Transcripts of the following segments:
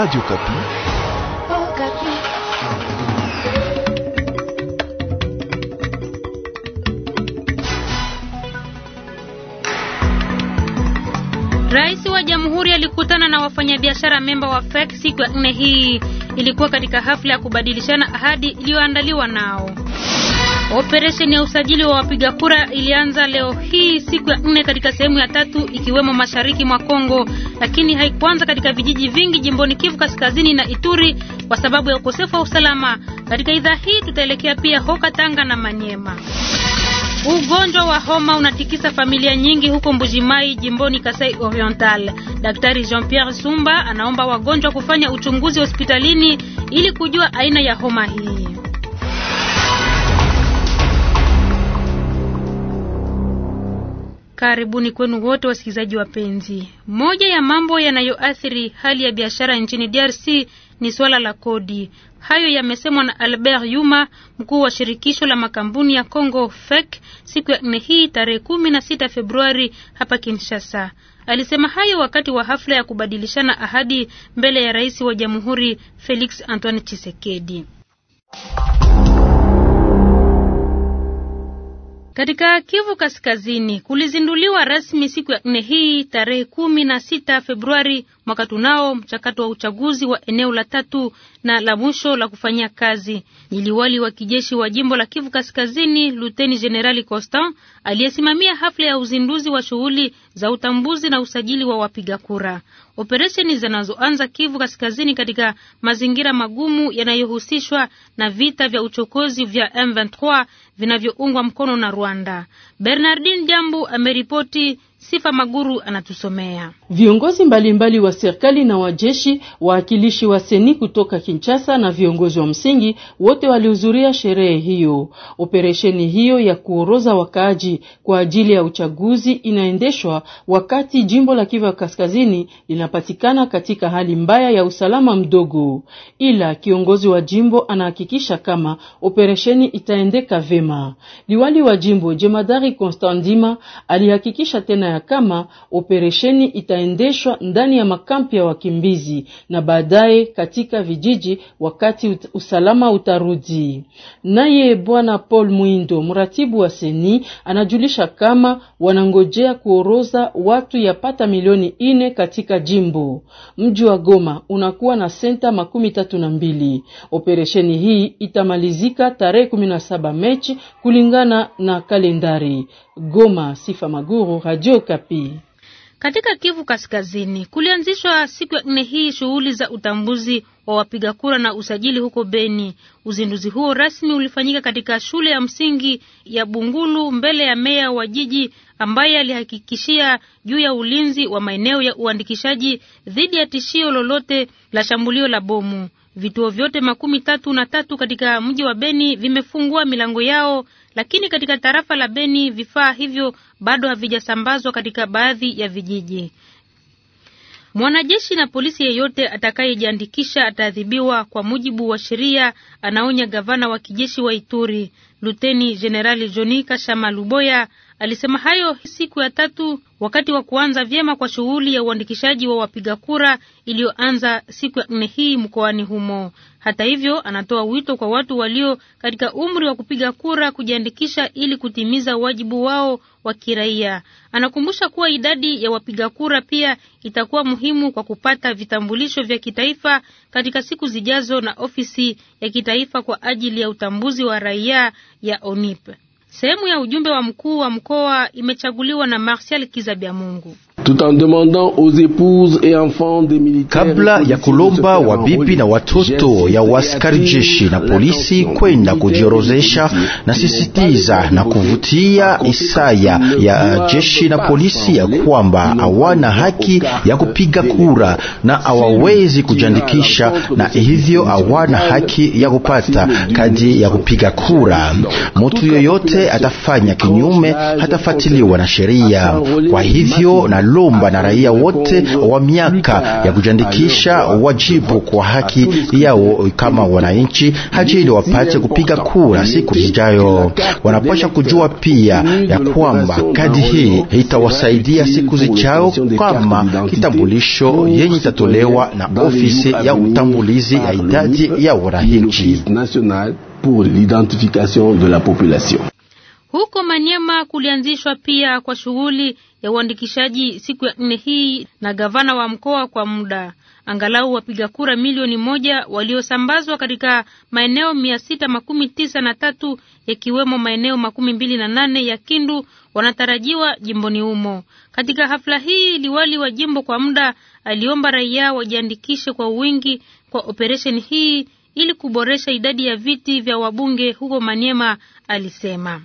Radio Kapi. Oh, Kapi. Rais wa Jamhuri alikutana na wafanyabiashara memba wa FEC siku ya nne hii. Ilikuwa katika hafla ya kubadilishana ahadi iliyoandaliwa nao. Operesheni ya usajili wa wapiga kura ilianza leo hii siku ya nne katika sehemu ya tatu ikiwemo mashariki mwa Kongo, lakini haikuanza katika vijiji vingi jimboni Kivu Kaskazini na Ituri kwa sababu ya ukosefu wa usalama. Katika idhaa hii tutaelekea pia Hoka Tanga na Manyema. Ugonjwa wa homa unatikisa familia nyingi huko Mbujimai jimboni Kasai Oriental. Daktari Jean-Pierre Sumba anaomba wagonjwa kufanya uchunguzi hospitalini ili kujua aina ya homa hii. Karibuni kwenu wote wasikilizaji wapenzi. Moja ya mambo yanayoathiri hali ya biashara nchini DRC ni suala la kodi. Hayo yamesemwa na Albert Yuma, mkuu wa shirikisho la makampuni ya Congo FEC, siku ya nne hii tarehe kumi na sita Februari hapa Kinshasa. Alisema hayo wakati wa hafla ya kubadilishana ahadi mbele ya rais wa jamhuri Felix Antoine Tshisekedi. Katika Kivu Kaskazini kulizinduliwa rasmi siku ya nne hii tarehe kumi na sita Februari mwaka tunao mchakato wa uchaguzi wa eneo la tatu na la mwisho la kufanyia kazi. Ni liwali wa kijeshi wa jimbo la Kivu Kaskazini, Luteni Jenerali Constant, aliyesimamia hafla ya uzinduzi wa shughuli za utambuzi na usajili wa wapiga kura, operesheni zinazoanza Kivu Kaskazini katika mazingira magumu yanayohusishwa na vita vya uchokozi vya M23 vinavyoungwa mkono na Rwanda. Bernardin Jambu ameripoti. Sifa Maguru anatusomea. Viongozi mbalimbali mbali wa serikali na wajeshi, waakilishi wa seni kutoka Kinshasa na viongozi wa msingi wote walihudhuria sherehe hiyo. Operesheni hiyo ya kuoroza wakaaji kwa ajili ya uchaguzi inaendeshwa wakati jimbo la Kivu Kaskazini linapatikana katika hali mbaya ya usalama mdogo, ila kiongozi wa jimbo anahakikisha kama operesheni itaendeka vema. Liwali wa jimbo jemadari Konstantima alihakikisha tena ya kama operesheni ita itaendeshwa ndani ya makampi ya wakimbizi na baadaye katika vijiji wakati usalama utarudi. Naye bwana Paul Mwindo, mratibu wa Seni, anajulisha kama wanangojea kuoroza watu yapata milioni ine katika jimbo. Mji wa Goma unakuwa na senta makumi tatu na mbili. Operesheni hii itamalizika tarehe kumi saba Mechi kulingana na kalendari. Goma, Sifa Maguru, Radio Kapi. Katika Kivu Kaskazini kulianzishwa siku ya nne hii shughuli za utambuzi wa wapiga kura na usajili huko Beni. Uzinduzi huo rasmi ulifanyika katika shule ya msingi ya Bungulu mbele ya meya wa jiji ambaye alihakikishia juu ya ulinzi wa maeneo ya uandikishaji dhidi ya tishio lolote la shambulio la bomu. Vituo vyote makumi tatu na tatu katika mji wa Beni vimefungua milango yao lakini katika tarafa la Beni vifaa hivyo bado havijasambazwa katika baadhi ya vijiji. Mwanajeshi na polisi yeyote atakayejiandikisha ataadhibiwa kwa mujibu wa sheria, anaonya gavana wa kijeshi wa Ituri, Luteni Jenerali Joni Kashama Luboya. Alisema hayo siku ya tatu wakati wa kuanza vyema kwa shughuli ya uandikishaji wa wapiga kura iliyoanza siku ya nne hii mkoani humo. Hata hivyo, anatoa wito kwa watu walio katika umri wa kupiga kura kujiandikisha ili kutimiza wajibu wao wa kiraia. Anakumbusha kuwa idadi ya wapiga kura pia itakuwa muhimu kwa kupata vitambulisho vya kitaifa katika siku zijazo na ofisi ya kitaifa kwa ajili ya utambuzi wa raia ya ONIP. Sehemu ya ujumbe wa mkuu wa mkoa imechaguliwa na Martial Kizabiamungu kabla ya kulomba wabibi na watoto ya waskari jeshi na polisi kwenda kujiorozesha, na sisitiza na kuvutia Isaya ya jeshi na polisi ya kwamba hawana haki ya kupiga kura na hawawezi kujiandikisha, na hivyo hawana haki ya kupata kadi ya kupiga kura. Mtu yoyote atafanya kinyume hatafatiliwa na sheria. Kwa hivyo na lomba na raia wote wa miaka ya kujiandikisha wajibu kwa haki yao kama wananchi, hajili wapate kupiga kura siku zijayo. Wanapasha kujua pia ya kwamba kadi hii itawasaidia siku zijao kama kitambulisho yenye itatolewa na ofisi ya utambulizi ya idadi ya wananchi. Huko Manyema kulianzishwa pia kwa shughuli ya uandikishaji siku ya nne hii na gavana wa mkoa kwa muda. Angalau wapiga kura milioni moja waliosambazwa katika maeneo mia sita makumi tisa na tatu yakiwemo maeneo makumi mbili na nane ya Kindu wanatarajiwa jimboni humo. Katika hafla hii, liwali wa jimbo kwa muda aliomba raia wajiandikishe kwa wingi kwa operesheni hii ili kuboresha idadi ya viti vya wabunge huko Manyema, alisema.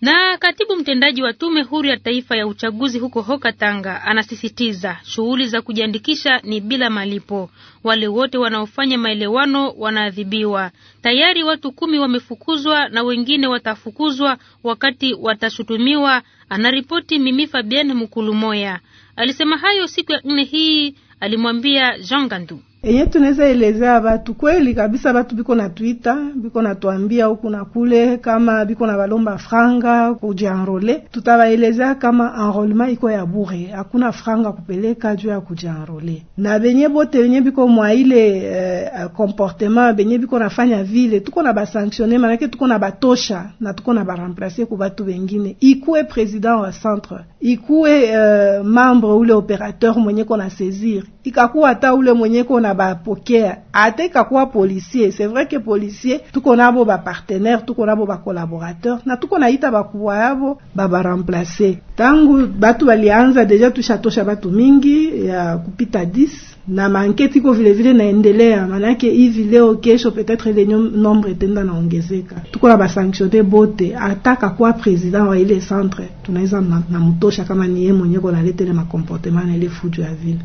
Na katibu mtendaji wa tume huru ya taifa ya uchaguzi huko Hoka Tanga anasisitiza shughuli za kujiandikisha ni bila malipo. Wale wote wanaofanya maelewano wanaadhibiwa. Tayari watu kumi wamefukuzwa na wengine watafukuzwa wakati watashutumiwa, anaripoti Mimi bien Mukulumoya. Alisema hayo siku ya nne hii, alimwambia Jean Gandu. Enye eh, tunaweza elezea batu kweli kabisa, batu biko na twita biko na tuambia huku na kule, kama biko na balomba franga kujianrole, tutabaelezea kama enrolema iko ya bure, hakuna franga kupeleka juu ya kujianrole. Na benye bote benye biko mwa ile eh, comportement benye biko nafanya vile, tuko na basanctione, manake tuko na batosha na tuko na baremplace ku batu bengine, ikuwe president wa centre, ikuwe uh, membre ule operateur mwenye na saisir, ikakuwa hata ule mwenye kona na bapoker ate ka kuwa policier c'est vrai ke policier tuko na abo bapartenaire tuko na abo bacolaborateur na tuko na ita bakuwa yabo babaremplace ntango bato balianza deja tushatosha bato mingi ya kupita 10 na manke tiko vilevile naendelea manake hivi leo kesho peut-être ile nombre etenda naongezeka tuko na basanctionne bote ataka kwa president wa ile centre tunaweza namtosha na kama ni ye mwenye konaletele makomportema na ile fujo ya vile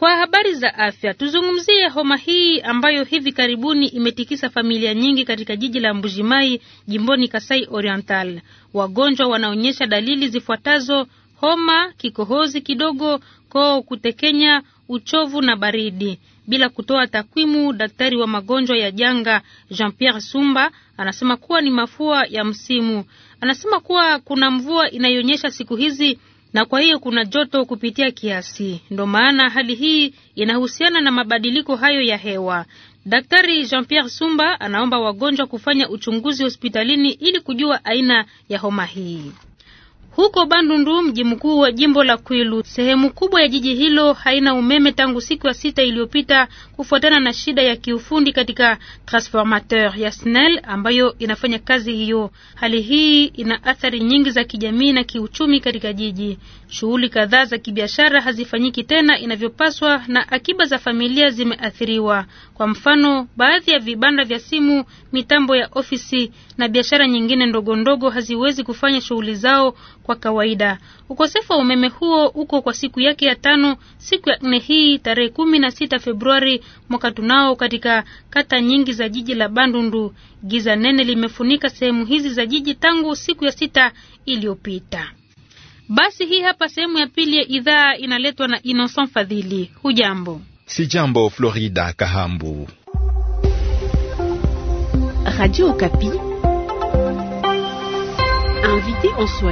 Kwa habari za afya, tuzungumzie homa hii ambayo hivi karibuni imetikisa familia nyingi katika jiji la Mbujimai, jimboni Kasai Oriental. Wagonjwa wanaonyesha dalili zifuatazo: homa, kikohozi kidogo, koo kutekenya, uchovu na baridi. Bila kutoa takwimu, daktari wa magonjwa ya janga Jean Pierre Sumba anasema kuwa ni mafua ya msimu. Anasema kuwa kuna mvua inayonyesha siku hizi na kwa hiyo kuna joto kupitia kiasi. Ndo maana hali hii inahusiana na mabadiliko hayo ya hewa. Daktari Jean-Pierre Sumba anaomba wagonjwa kufanya uchunguzi hospitalini ili kujua aina ya homa hii. Huko Bandundu, mji mkuu wa jimbo la Kwilu, sehemu kubwa ya jiji hilo haina umeme tangu siku ya sita iliyopita kufuatana na shida ya kiufundi katika transformateur ya SNEL ambayo inafanya kazi hiyo. Hali hii ina athari nyingi za kijamii na kiuchumi katika jiji. Shughuli kadhaa za kibiashara hazifanyiki tena inavyopaswa na akiba za familia zimeathiriwa. Kwa mfano, baadhi ya vibanda vya simu mitambo ya ofisi na biashara nyingine ndogo ndogo haziwezi kufanya shughuli zao kwa kawaida. Ukosefu wa umeme huo uko kwa siku yake ya tano siku ya nne hii tarehe kumi na sita Februari mwaka tunao katika kata nyingi za jiji la Bandundu. Giza nene limefunika sehemu hizi za jiji tangu siku ya sita iliyopita. Basi hii hapa sehemu ya pili ya idhaa inaletwa na Innocent Fadhili. Hujambo? Si jambo Florida Kahambu. Radio Okapi, invité en soi.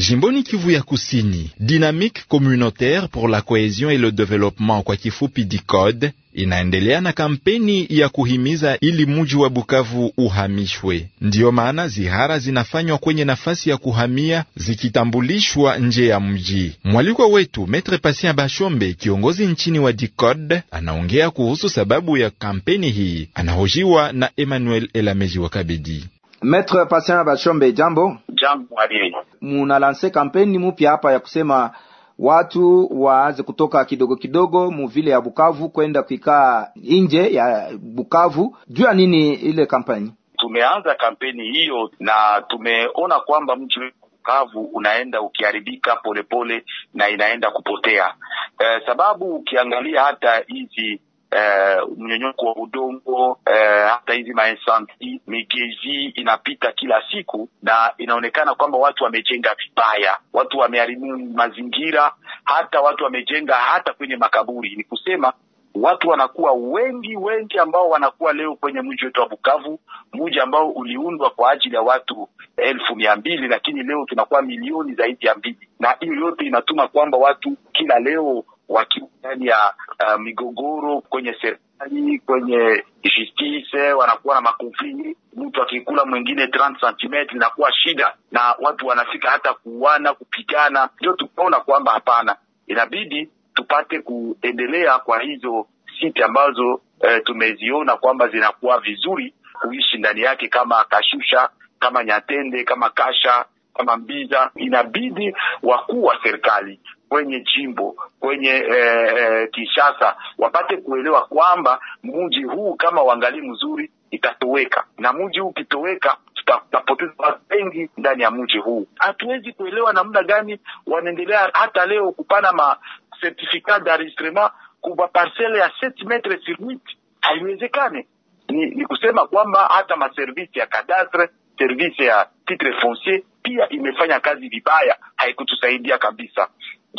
Jimboni Kivu ya Kusini, Dynamique Communautaire pour la Cohésion et le Développement, kwa kifupi DICODE, inaendelea na kampeni ya kuhimiza ili muji wa Bukavu uhamishwe. Ndiyo maana zihara zinafanywa kwenye nafasi ya kuhamia zikitambulishwa nje ya mji. Mwalikwa wetu Maitre Patien Bashombe, kiongozi nchini wa DICODE, anaongea kuhusu sababu ya kampeni hii. Anahojiwa na Emmanuel Elameji wa Kabedi. Maître Patient Bachombe, jambo. Jambo mwalimu. Munalanse kampeni mupya hapa ya kusema watu waanze kutoka kidogo kidogo muvile ya Bukavu kwenda kuikaa nje ya Bukavu. Juu ya nini ile kampeni? Tumeanza kampeni hiyo na tumeona kwamba mji Bukavu unaenda ukiharibika polepole na inaenda kupotea eh, sababu ukiangalia hata hizi eh, mnyonyoko wa udongo eh, hata hizi maesanti migezi inapita kila siku, na inaonekana kwamba watu wamejenga vibaya, watu wameharibu mazingira, hata watu wamejenga hata kwenye makaburi. Ni kusema watu wanakuwa wengi wengi ambao wanakuwa leo kwenye mji wetu wa Bukavu, mji ambao uliundwa kwa ajili ya watu elfu mia mbili lakini leo tunakuwa milioni zaidi ya mbili, na hiyo yote inatuma kwamba watu kila leo wakiani ya uh, migogoro kwenye serikali, kwenye justice, wanakuwa na makonfli. Mtu akikula mwingine 30 cm inakuwa shida, na watu wanafika hata kuuana, kupigana. Ndio tukaona kwamba hapana, inabidi tupate kuendelea kwa hizo siti ambazo eh, tumeziona kwamba zinakuwa vizuri kuishi ndani yake, kama Kashusha, kama Nyatende, kama Kasha, kama Mbiza. Inabidi wakuu wa serikali kwenye jimbo kwenye eh, eh, Kinshasa wapate kuelewa kwamba mji huu kama uangalii mzuri itatoweka, na mji huu ukitoweka tutapoteza watu wengi ndani ya mji huu. Hatuwezi kuelewa namna gani wanaendelea hata leo kupana ma certificat d'enregistrement kwa parcelle ya 7 metre sur 8 haiwezekane. Ni, ni kusema kwamba hata maservisi ya kadastre service ya titre foncier pia imefanya kazi vibaya, haikutusaidia kabisa.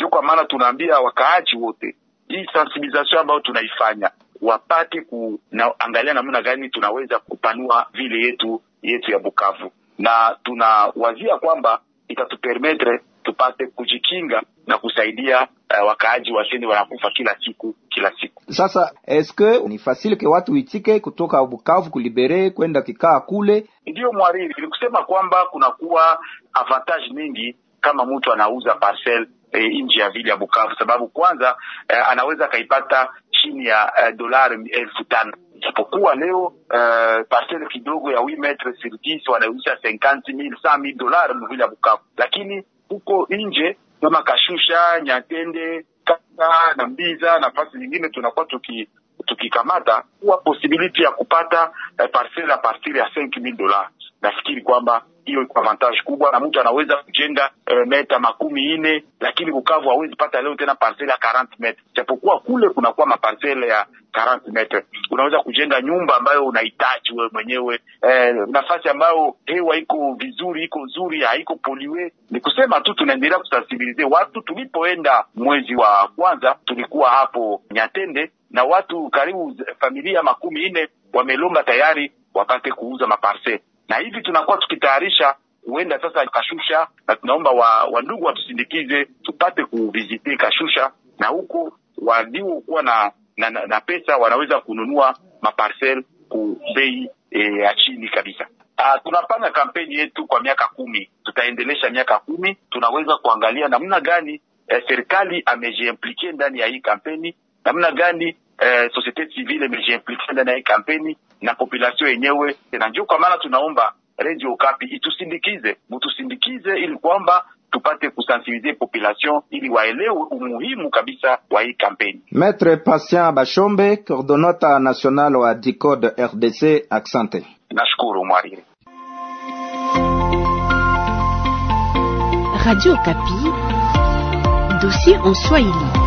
Ndio kwa maana tunaambia wakaaji wote, hii sensibilization ambayo tunaifanya wapate kuangalia namna gani tunaweza kupanua vile yetu yetu ya Bukavu, na tunawazia kwamba itatupermetre tupate kujikinga na kusaidia uh, wakaaji waseni wanakufa kila siku kila siku. Sasa eske ni fasile ke watu itike kutoka Bukavu kulibere kwenda kikaa kule? Ndiyo mwariri, ni kusema kwamba kunakuwa avantage mingi kama mtu anauza parcel e, eh, nje ya vile ya Bukavu, sababu kwanza e, anaweza akaipata chini ya e, dolari elfu tano isipokuwa leo uh, parcel kidogo ya wi metre sur 10 wanauzisha 50000 100000 dollars mvila Bukavu, lakini huko nje kama Kashusha, Nyatende, Kata na Mbiza, na fasi nyingine tunakuwa tuki tukikamata huwa posibiliti ya kupata uh, parcel a partir ya 5000 dollars nafikiri kwamba hiyo iko avantage kubwa, na mtu anaweza kujenga e, meta makumi ine, lakini Bukavu hawezi pata leo tena parcel ya 40 metre, japokuwa kule kunakuwa maparcel ya 40 metre. Unaweza kujenga nyumba ambayo unahitaji wewe mwenyewe e, nafasi ambayo hewa iko vizuri, iko nzuri, haiko poliwe. Ni kusema tu tunaendelea kusensibilize watu. Tulipoenda mwezi wa kwanza, tulikuwa hapo Nyatende na watu karibu familia makumi ine wamelomba tayari wapate kuuza maparcel na hivi tunakuwa tukitayarisha huenda sasa Kashusha, na tunaomba wa, wandugu watusindikize tupate kuviziti Kashusha, na huko waliokuwa na, na, na pesa wanaweza kununua maparcel ku bei e, ya e, chini kabisa. Uh, tunapanga kampeni yetu kwa miaka kumi, tutaendelesha miaka kumi. Tunaweza kuangalia namna gani eh, serikali amejiimplike ndani ya hii kampeni, namna gani eh, societe civile imejiimplike ndani ya hii kampeni, na population yenyewe na njuu. Kwa maana tunaomba Radio Okapi itusindikize, mutusindikize ili kwamba tupate kusensibiliser population ili waelewe umuhimu kabisa wa hii kampeni. Maître Patient Bashombe, coordonata national wa DICODE RDC. Aksante, nashukuru mwariri. Radio Okapi, dossier en Swahili.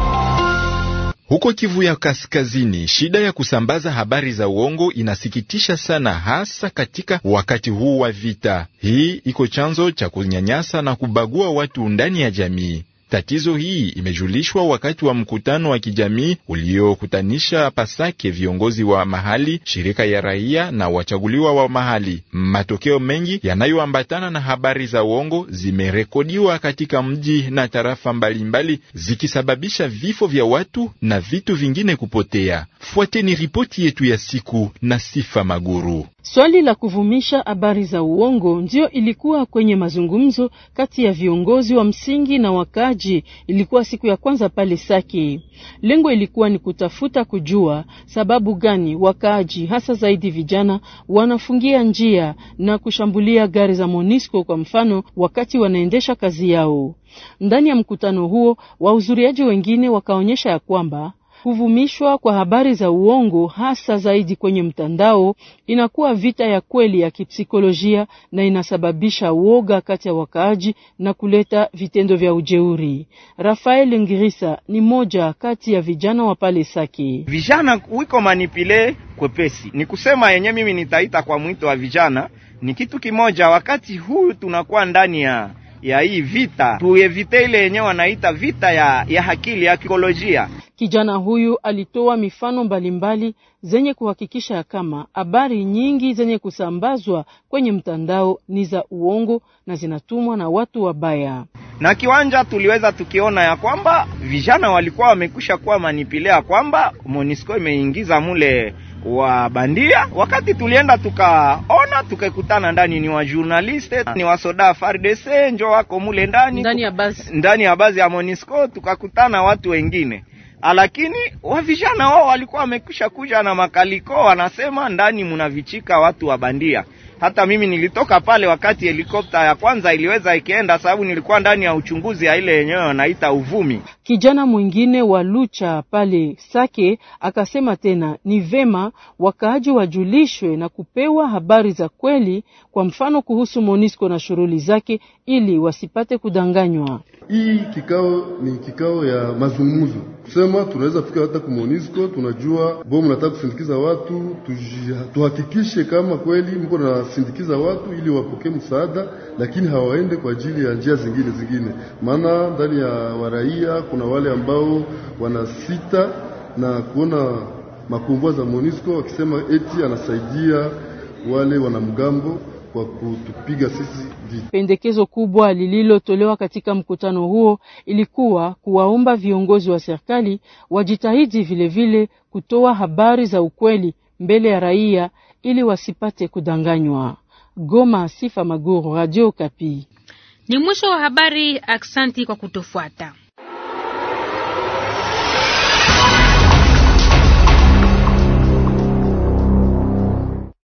Huko Kivu ya Kaskazini, shida ya kusambaza habari za uongo inasikitisha sana, hasa katika wakati huu wa vita. Hii iko chanzo cha kunyanyasa na kubagua watu ndani ya jamii. Tatizo hii imejulishwa wakati wa mkutano wa kijamii uliokutanisha Pasake viongozi wa mahali, shirika ya raia na wachaguliwa wa mahali. Matokeo mengi yanayoambatana na habari za uongo zimerekodiwa katika mji na tarafa mbalimbali, zikisababisha vifo vya watu na vitu vingine kupotea. Fuateni ripoti yetu ya siku na Sifa Maguru. Swali la kuvumisha habari za uongo ndio ilikuwa kwenye mazungumzo kati ya viongozi wa msingi na wakati maji ilikuwa siku ya kwanza pale Sake. Lengo ilikuwa ni kutafuta kujua sababu gani wakaaji hasa zaidi vijana wanafungia njia na kushambulia gari za Monisco kwa mfano, wakati wanaendesha kazi yao. Ndani ya mkutano huo, wahudhuriaji wengine wakaonyesha ya kwamba Kuvumishwa kwa habari za uongo hasa zaidi kwenye mtandao inakuwa vita ya kweli ya kipsikolojia na inasababisha woga kati ya wakaaji na kuleta vitendo vya ujeuri. Rafael Ngirisa ni moja kati ya vijana wa pale Sake. Vijana wiko manipile kwepesi, ni kusema yenye mimi nitaita kwa mwito wa vijana ni kitu kimoja. Wakati huu tunakuwa ndani ya ya hii vita, tuevite ile yenye wanaita vita ya, ya akili ya kikolojia. Kijana huyu alitoa mifano mbalimbali mbali zenye kuhakikisha kama habari nyingi zenye kusambazwa kwenye mtandao ni za uongo na zinatumwa na watu wabaya. Na kiwanja tuliweza tukiona ya kwamba vijana walikuwa wamekwisha kuwa manipilea kwamba Monisco imeingiza mule wa bandia. Wakati tulienda tukaona, tukakutana ndani ni wa journaliste ni wa soda FARDC njo wako mule ndani ndani ya basi ndani ya basi ya Monisco, tukakutana watu wengine ah, lakini wavijana wao walikuwa wamekwisha kuja na makaliko, wanasema ndani mnavichika watu wa bandia. Hata mimi nilitoka pale wakati helikopta ya kwanza iliweza ikienda, sababu nilikuwa ndani ya uchunguzi ya ile yenyewe wanaita uvumi. Kijana mwingine wa Lucha pale Sake akasema tena ni vema wakaaji wajulishwe na kupewa habari za kweli, kwa mfano kuhusu Monisco na shughuli zake, ili wasipate kudanganywa. Hii kikao ni kikao ya mazungumzo, kusema tunaweza fika hata ku MONUSCO. Tunajua bomu nataka kusindikiza watu, tuhakikishe kama kweli mko nasindikiza watu ili wapokee msaada, lakini hawaende kwa ajili ya njia zingine zingine, maana ndani ya waraia kuna wale ambao wanasita na kuona makumbwa za MONUSCO wakisema eti anasaidia wale wanamgambo kwa kutupiga sisi vita. Pendekezo kubwa lililotolewa katika mkutano huo ilikuwa kuwaomba viongozi wa serikali wajitahidi vilevile vile kutoa habari za ukweli mbele ya raia ili wasipate kudanganywa. Goma, Sifa Maguru, Radio Kapi. Ni mwisho wa habari. Aksanti kwa kutofuata.